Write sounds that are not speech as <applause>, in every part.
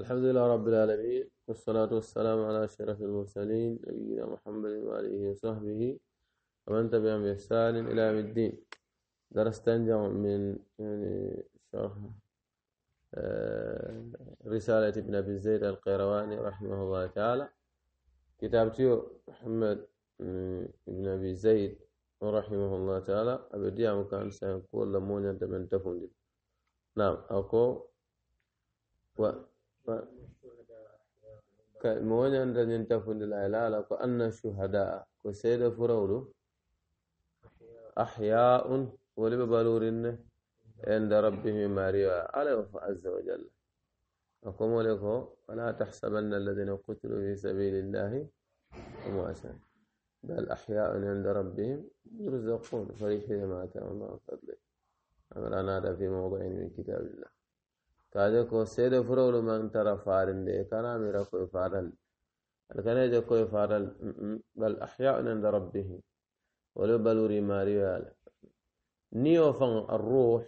الحمد لله رب العالمين والصلاة والسلام على أشرف المرسلين نبينا محمد وآله وصحبه ومن تبعهم بإحسان إلى يوم الدين درس تنجم من يعني شرح آه، رسالة ابن أبي زيد القيرواني رحمه الله تعالى كتابتي محمد آه، ابن أبي زيد رحمه الله تعالى أبدي مكان سيقول لمونة من تفندل نعم أقول و moñanta ñin tafundila e laala ko anna shuhadaa ko seeɗa furawɗu ahyaun woli ɓe balurinne enda rabbihim mariwa ala o fo azza wa jalla akomole ko wala tahsabanna alladina qutilu fi sabilillahi amwatan bal ahyaun inda rabbihim yurzaqun farihina ma ataa allah min fadlih amranaada fi mawdiin min kitabillah kaje ko seede furolu man tara farinde kana mira koye faral alkaneje koye faral bal ahyaun inda rabbihim wolu baluri mariyoyala niyo fan arruh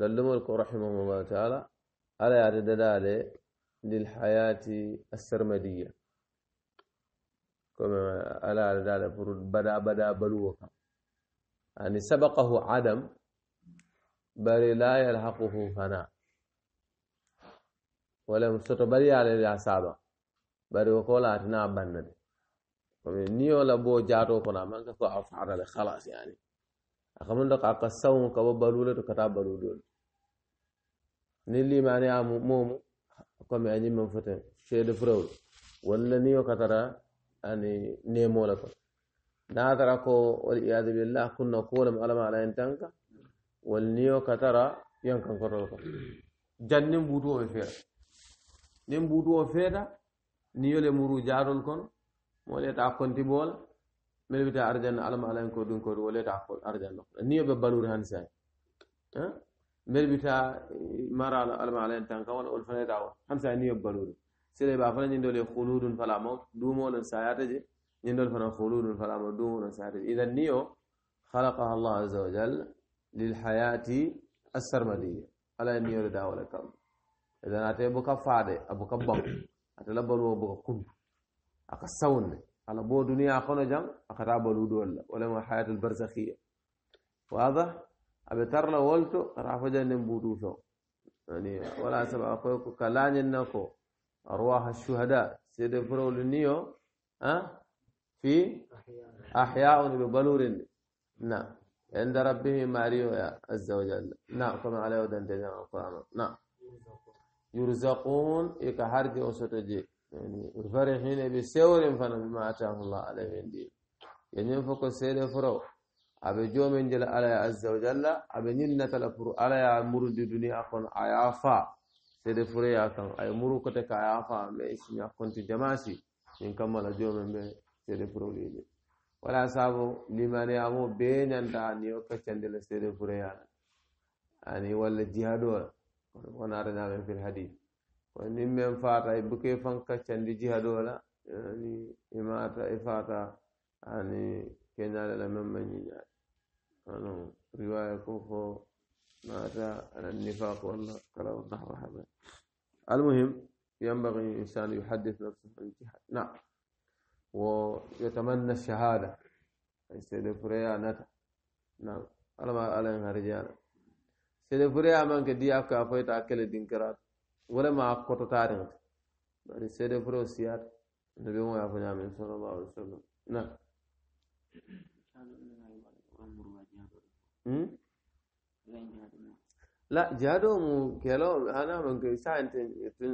lallumol ko rahimahullahu taala ala yaade dadale lilhayati assermadiya comme ala yaade dadale pour bada bada baluwo kam ani sabaqahu adam bari la yalhaquhu fana wala musoto bari yale ya saba bari ko la tina bannade komi niyo la bo jato ko na man ko afara le khalas yani akamun da ka kasawu ka babalule to kata baludul ni limani amu momu komi anyi man fote shede frawd walla niyo katara ani nemo la ko na tara ko wal iyadu billah kunna kulam alama ala intanka wal niyo katara yankan ko jannin butu o fera nin buutuwo feeta ni yole muru jaarol kon mo leta konti boola mbele wita arjanna alama alayn ko ɗum koɗum o leta arjanna koɗa ni yoɓe baluri han sani mbele wita marala alama alayn tan kan wona ol fana leta o han sani ni yoɓe baluri sele ba fana ñindole huludun fala mawt duumolon sayata je ñindol fana huludun fala mawt duumolon sayata je idan ni o خلقها الله عز وجل للحياة السرمدية على أن يرد ولا كم إذا <coughs> أتي بوكا فادة أبوكا بام أتلا بلو أبوكا كون أكا سون على بو دنيا أكون جام أكا تابلو دول ولا ما حياة البرزخية واضح أبي تر لو ولتو رافو جن بودوشو يعني ولا سبع أقول كلان ينكو أرواح الشهداء سيد فرول النيو أه؟ في أحياء ببلور نعم عند ربه ماريو يا عز وجل نعم كما عليه ودن تجمع القرآن نعم يرزقون إيكا هرجي وسطجي يعني فرحين بسور فانا بما أتاه الله عليه من دين يعني ينفق السيد فرو أبي جو من جل على عز وجل أبي نينا تلفر على يا مرد دنيا أكون عيافا سيد فريا كان أي مروكتك عيافا ما اسمي أكون تجماسي إن كمال جو من سيد فرو ليلي wala sabu limani amo be ñanta niyo kaccandila seede fureyana ani walla jihadola ونار ناغين نعم في الحديث وإن يعني يعني من فاتا يبكي فانكا تشندي جهدولا يعني إماتا إفاتا يعني كنا لمن من ينال أنا رواية كوفو ماتا على النفاق والله قال الله رحمة المهم ينبغي الإنسان يحدث نفسه عن الجهاد نعم ويتمنى الشهادة يستدفريا نتا نعم على ما عليها رجالا sene fure amanke diya ka foyta kele dinkirat wala ma koto tarinta bari sede fure o siyata nabi mo yafo ñamen sallallahu alaihi wasallam na la jaado mu kelo ana manke sainte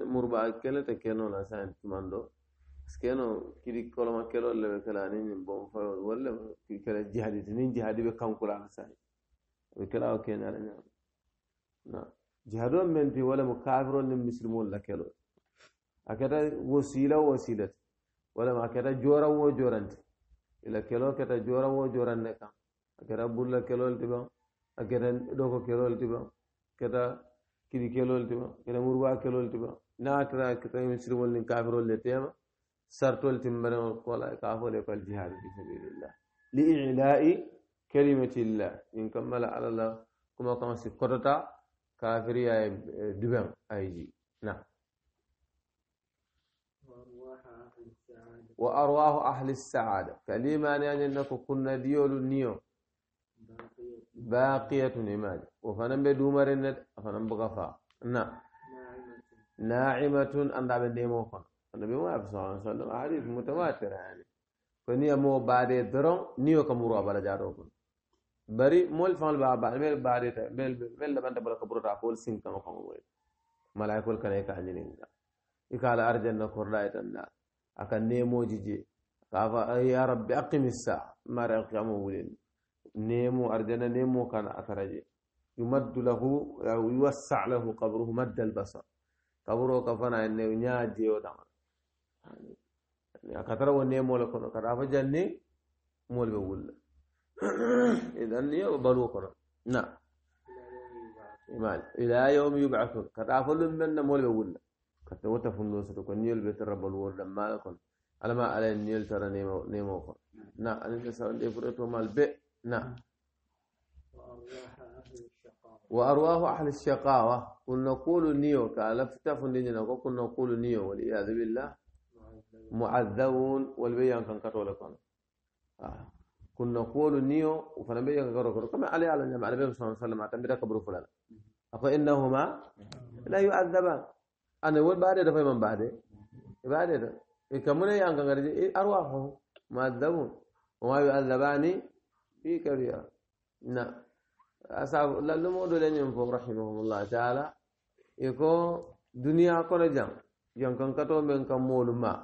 murba kele te keno la sainte mando skeno kidi koloma kelo lebe kala ni bon fa wala kala jihadi ni jihadi be kankura sai kala o kenala ñama نعم. جهادون من ولا مكافر ولا مسلمون لكلو أكذا وسيلة وسيلة ولا ما كذا جورا وجورا إلا كلو كذا جورا وجورا نكا أكذا بولا كلو التبا أكذا دوكو كلو التبا كذا كذي كلو التبا كذا مروا كلو التبا ناكرا كذا مسلم ولا كافر ولا تيما سرتول تمبرن ولا كافر ولا جهاد في سبيل الله لإعلاء كلمة الله إن كمل على الله كما كما سكرتا كافر يا دبن أيجي نعم وأرواح أهل السعادة كلمة يعني أنك كنا ديول نيو باقية إيمان وفنم بدومر النت فنم بغفا نعم ناعمة أن دابن ديمو فن النبي محمد صلى الله عليه وسلم حديث متواتر يعني فنيا مو بعد درون نيو كمروا بلا جارو bari moolu faŋolu be a baa melu baadita melu melu labanta bala ka burata ko wolu sinkaŋo faŋo moyi malayikolu kana i ka a ñininka i ka a la arjanna korda itanna a ka neemooji je kaa fa ya rabbi aqimi saa maari alqiyama wulin neemo arjanna neemo kana a tara lahu yuwassa lahu qabruhu madda albasar kaburo ka fana ne ñaa jeyo taŋa a ka tara wo neemoo le kono fa janni moolu be wulla <coughs> إذا يقبل وقرا نعم إلى يوم يبعثون كتافل من مول بقولنا كتوت فندوس تكون نيل بيت رب الور لما يكون على ما على نيل ترى نيمو نيمو كون نعم أنا تسأل إفرتو مال بي نعم وأرواح أهل الشقاوة كنا نقول نيو كالفتا فندينا كنا نقول نيو والعياذ بالله معذبون والبيان كان كتولكم آه. كنا نقول نيو وفنبي كرو كما علي على النبي عليه الصلاه والسلام اتم بدا كبر فلان اكو انهما لا يعذبان انا ول بعد ده فهم بعد بعد إذا ده كمن يان كان ارواحهم معذبون وما يؤذباني في كبيره نعم أصحاب لا لمو دولين رحمهم الله تعالى يكون دنيا كل جام يان كان كتو من كمول ما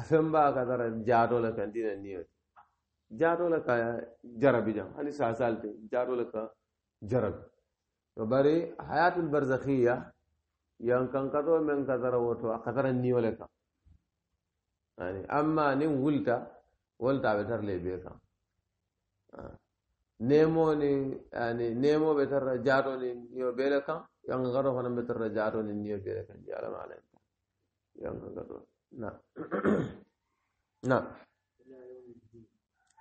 أفهم بقى كتر جاتو لكن دين النيوت جارو لك جرب جام هني ساسال تي جارو لك جرب وبري حياة البرزخية yang kankato men katara woto akatara niwole kam ani amma nin wulta wolta ɓe tar ley be kam nemo ni ani nemo ɓe tarra jaato ni niyo bele kam yankankato fana ɓe tarra jaato ni niyo bele kam je alama alayhim kam yankankato na na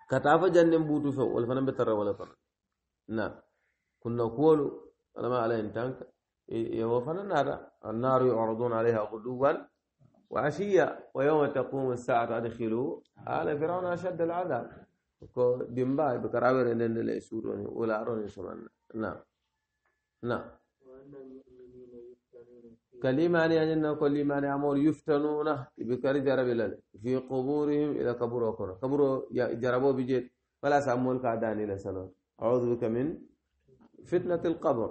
كتافة جنن بوتو فو والفنان بتر ولا فنان نا نعم. كنا قولوا أنا ما على إنتانك يهو إيه، فنان هذا النار يعرضون عليها غدوا وعشية ويوم تقوم الساعة أدخلوا آل فرعون أشد العذاب دمباي بكراوي لندن ليسوروني ولا أروني سمعنا نعم نعم كالإيمان يعني أن كل إيمان أمور يفتنون بكر جرب لل في قبورهم إذا قبور أخرى قبور جربوا بجد فلا سأمول كعداني لسنا أعوذ بك من فتنة القبر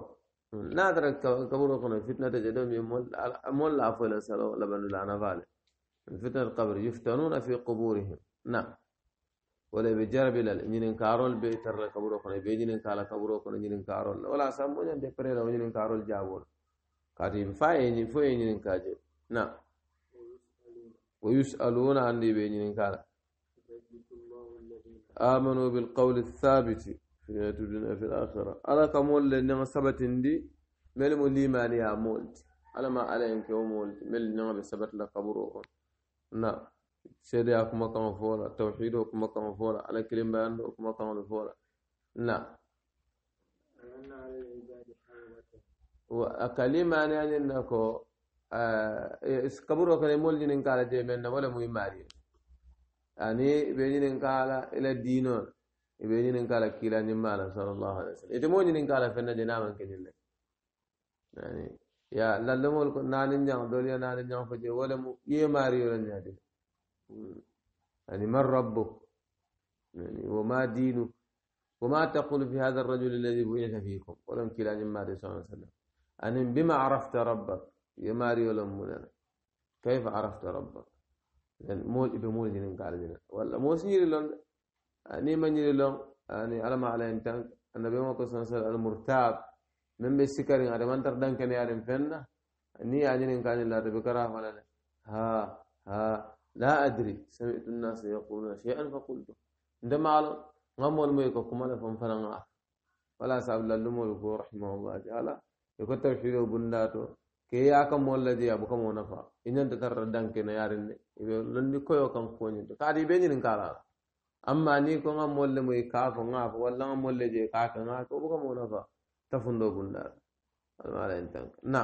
نادر قبور أخرى فتنة جدهم يمول أمول لا العفو إلى سلام لبن العنفال فتنة القبر يفتنون في قبورهم نعم ولا بجرب لنا جنين كارول بيتر لقبور أخرى بيجنين كالا قبور أخرى جنين كارول ولا سأمول يعني أن تبريل وجنين كارول جابول قاتيم فاين فاين نكاج نا ويسالون عن دي بين نكاج امنوا بالقول الثابت في الدنيا في الاخره الا كم لن ثبت دي مل من لي ما لي امول الا ما عليهم يوم مل نما ثبت لا قبره نا سيدي اكما كما فورا توحيد اكما كما فورا على كلمه بيان اكما كما فورا نا وكلمة يعني أنكو ااا آه، إيه، إسكبرو كان مول جنين كارا جيمين ولا مهم ماري يعني بيجنين كارا إلى دينون بيجنين كارا كيلا نمالا صلى الله عليه وسلم مول جنين كارا فينا جنام كجنين يعني يا لالمول نانين جان دولي نانين جان فجي ولا يماري ولا نادي يعني ما ربك يعني وما دينك وما تقول في هذا الرجل الذي بوئلك فيكم ولم كلا مما صلى الله عليه وسلم أن بما عرفت ربك يا ماريو لمونا كيف عرفت ربك يعني مول بمول مول جنين قال ولا مو سنيري لون أني من يري لون أني على ما على إنتان النبي ما كنا سأل المرتاب من بسكر على يعني ما أنت ردان كني يعلم فينا أني أجنين يعني كان لا ربي كراه ولا ها ها لا أدري سمعت الناس يقولون شيئا فقلت عندما علم غمو الميكو كمالا فانفرنا ولا سأبلا اللمو رحمه الله تعالى iko tawhido bundato ke yaka mollaji abukam o nafa iñanta tarta dankene yarinne iɓe londi koyo kan koñinto kaati ɓe ñinin kalala amma ni ko ga molle moy kaafo gaafo walla ga molle je kaake gaake o bukam o nafa tafundo bundato almala en tanka na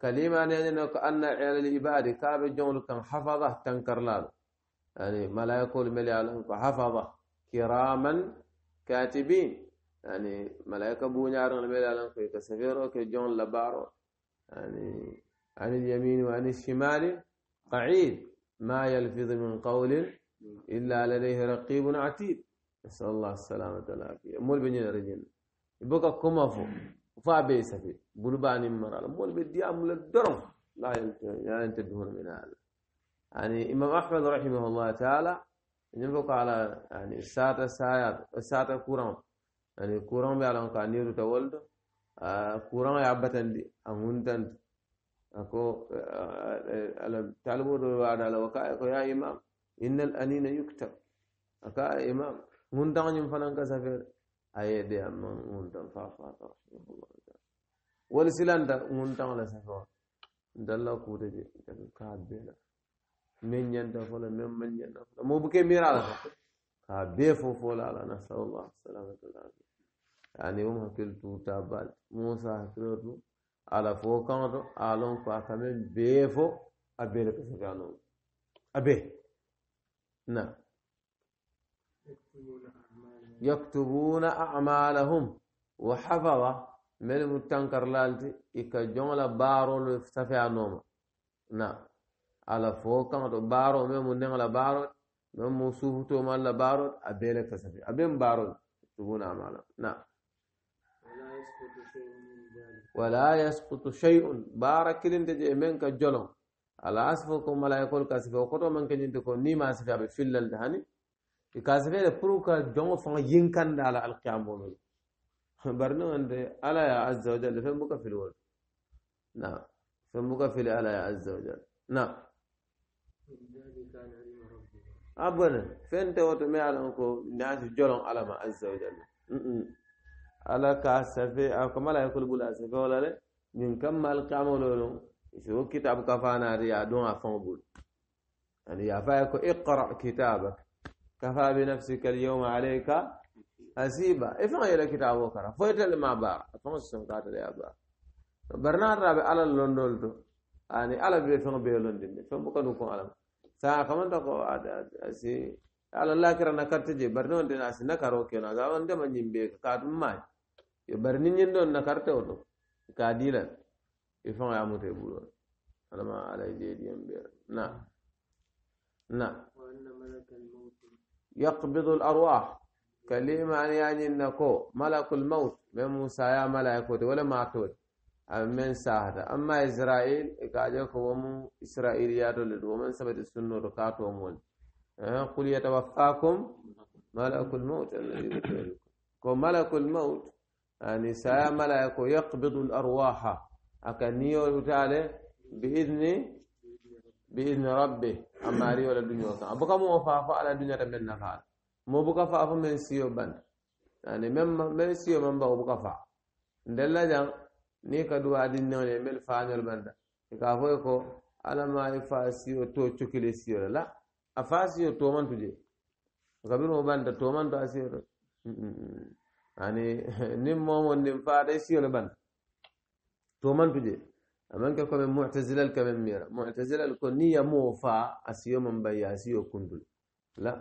kalima nenene ko anna ala l ibadi kaaɓe jonglu kan hafada tankarlaɗo yani malaikolu mele alan ko hafada kiraman katibin يعني ملائكة بونيار نبيل على في سفيرو كجون لبارو يعني عن اليمين وعن الشمال قعيد ما يلفظ من قول إلا لديه رقيب عتيد نسأل الله السلامة والعافية مول بني رجل يبقى كما فو فا بيس في بنبان مرال مول بدي أمل الدرم لا ينتبهون من هذا يعني إمام أحمد رحمه الله تعالى ينبقى على يعني ساتة سايات ساتة كورام يعني كوران بيعلم كانيرو تولد آه، كوران يعبتن دي أمونتن أكو على آه، آه، تعلمون بعد على وكاء يا إمام إن الأنين يكتب أكا إمام هندان ينفنان كسفر أي دي أما هندان فافا رحمه الله تعالى ولسلان دا هندان لسفر دلا كورجي كاد بينا من ينتا فلا من من ينتا فلا مو بكي ميرا لك بيفو فولا لنا نسأل الله السلامة والعافية ani um hakkiltu tabal musa hakkilo to ala fo kaŋo to alon ko a kamen bee fo a bee le ka sakano a bee na yaktubuna amalahum wa hafaza mel mu tankarlalti i ka joŋla baarolu safe a nooma na ala fo kaŋo to baaro meŋ mu neŋla baaro meŋ mu suufutomalla baaro a bee le ka safe a beŋ baaro yaktubuna amalahum na ولا يسقط شيء بارك لنت منك جلو على اسفكم ملائكه كاسفه وقتو من كن تكون نيما اسفه بفيل الدهني كاسفه لبروك جون فان ينكن على القيام بول برنو عند على يا عز وجل فمك في الولد نعم فمك في على يا عز وجل نعم أبدا فين توتو مي على أنكو ناس جلون على ما عز وجل ala ka safe a kama la yakul bula safe wala le min kamma al qamalo no isu kitab ka fana ri ya don afan bul yani ya fa ko iqra kitabak kafa bi nafsika al yawma alayka hasiba ifan yela kitabo kara foytel ma ba afan sun ka tele ya ba barna rabe ala londol to ani ala be fɛn bɛɛ londi ne fɛn bukan ko ala sa kaman ta ko asi ala la kira na karta je barno den asi na karo kenan ga wanda man yin be ka dum mai yo bari ni ñin ɗon nakartewo to ka dilan i faŋo ye muta i bulol alama ala ye jeediyen ɓeer na na yaqbidu l arwah kalima ni yañinna ko malakul maut men musaya malaikoti wala matode aɓe men sahata amma israil e kaje ko womu israiliyatole ɗum women sabati sunnoto katomol qul yatawaffakum malakul maut alladi malakul maut ani saya malaya ko yaqbidu l arwaha aka niyo utale biidni biidni rabbi amariyo la duño kan a boka mumo faafo ala duñata men nafaala mo buka faafo men siyo banta ani men siyo men bao buka faa ndella jang ni ka duwa dinnone men faañol banta ka foye ko alamayi fa siyo to cukile siyo la la a faa siyo tomantu je kabirmo banta tomantu a siyoto mm -mm. ani nin momo nin faɗay siyole ban to man tuje tomantuje amanke komin mu'tazilal kamin mira mu'tazilal ko niya moo fa a siyo man bayya a siyo kundude la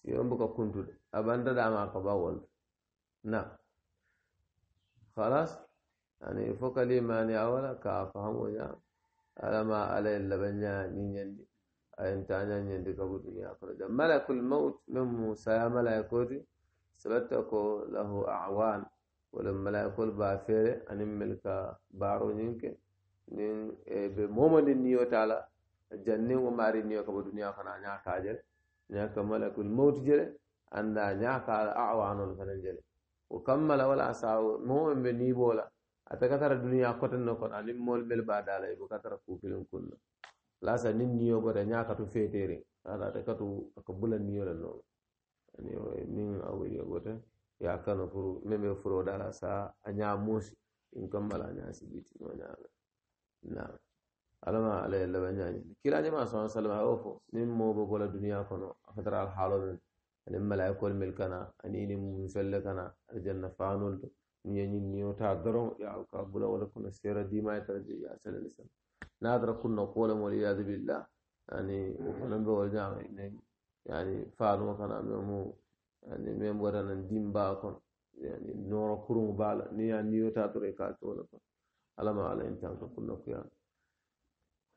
siyon buka kuntude abandaɗama ko ba wolde na halas ani fo kalimani awala ka fahamoya alama alaye labaña ñiñandi ayen taña ñandi kabu duniya akhraja malakul maut min musa ya malaya koti silata ko lahu awan wolem malaikol ba feere anin mel ka baaroñin ke nin ɓe momodin niyotala jannin o maari niyo kaba duniya fana ñaka jere ñaka malakul mawti jere anda ñaka ala awanol fana jere o kammala wala sawo momen ɓe nibola ata katara duniya kotenno kono anin mol ɓel ba dala ibo katara kufilin kunna lasa nin niyo bota ñakatu feetere ala ata katu aka bula niyola noon niŋ a wuli bota ye a kanu pour meŋ be furoo da la sa a ñaa muusi in kamma la a ñaa sibiti noo ñaame naam ala ma ala ye laba ñaañin kilañima sa sallam a wo fo niŋ moo be bola duniya kono a fatara alhaalo meŋ aniŋ malayikol mel kana aniŋ niŋ muselle kana aljanna faanol to ñiŋ ye ñiŋ niyo taa doroŋ ye a ka bula wo le kono seera diimaa ye tara je ye a sele le sele naatara kunna kuwo le moolu iyadu billah ani wo fanaŋ be wolu ñaama يعني فالو كان ميمو يعني ميم ورنا دين باكون يعني نور كرو بالا ني يعني نيو تاتري كاتولا على ما على انت كنا كيا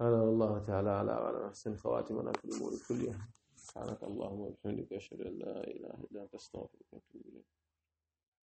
هذا والله تعالى على اعلم احسن خواتمنا في الامور كلها سبحانك اللهم وبحمدك اشهد ان لا اله الا انت استغفرك واتوب اليك